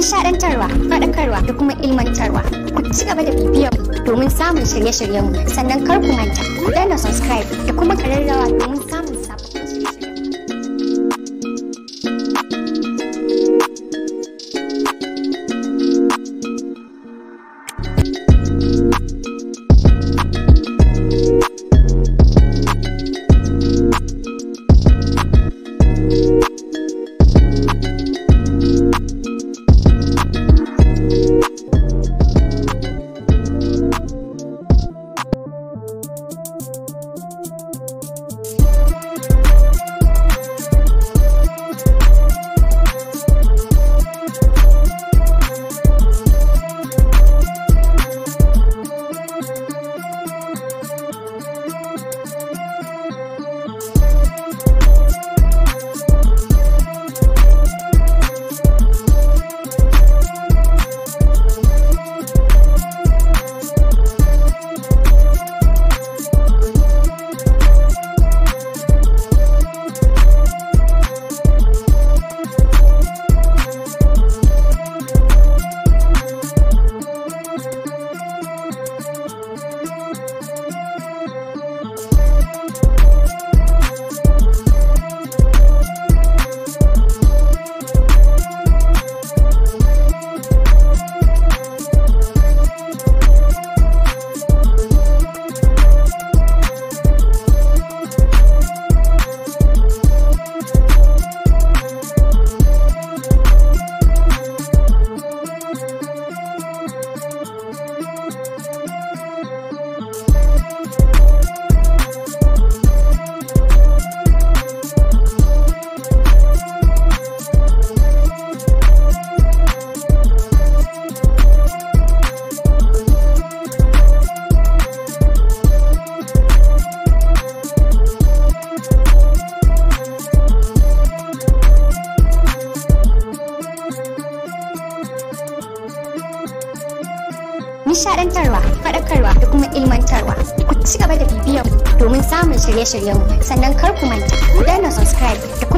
nishadantarwa, faɗakarwa da kuma ilmantarwa. Ku ci gaba da bibiyar domin samun shirye-shiryenmu sannan kar ku manta ku danna subscribe da kuma kararrawa domin samun nishadantarwa, faɗakarwa da kuma ilmantarwa. Ku ci gaba da bibiyar domin samun shirye-shiryenmu sannan kar ku manta ku danna subscribe da